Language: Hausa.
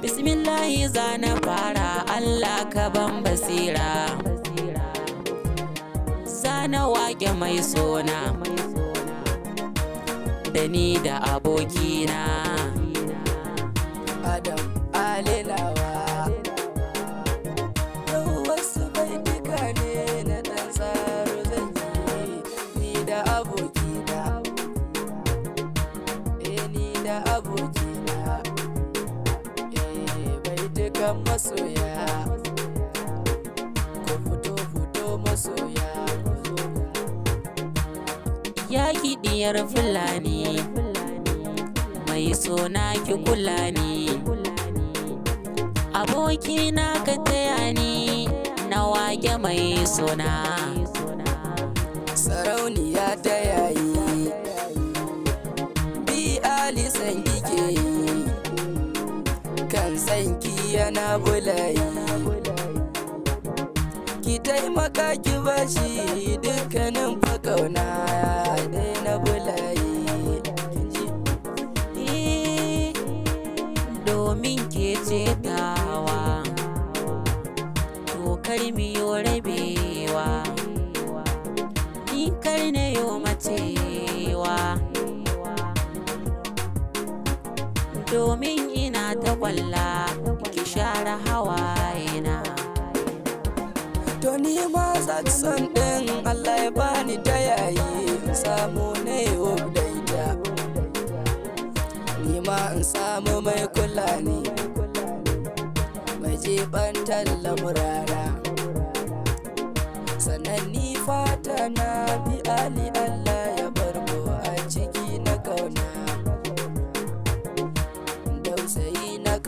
bismillahi zana fara allah ka ban basira zana wake mai sona da ni da abokina adam kan masoya ku fito fito masoya ya fulani mai sona ki kula ni aboki na ka taya ni na wage mai sona sarauniya ta yayi bi alisan kike san sanki yana bulayi ki taimaka ki bashi dukkanin dai na bulayi domin ke ce tawa tokar miyo rabewa in kai ne yo macewa domin ta kwalla ki share hawa na to ma sakson din Allah ya bani ta yayi samu ne yau da ni ma in samu mai kula ne mai jibantar lamurana sannan ni fata na bi ali Allah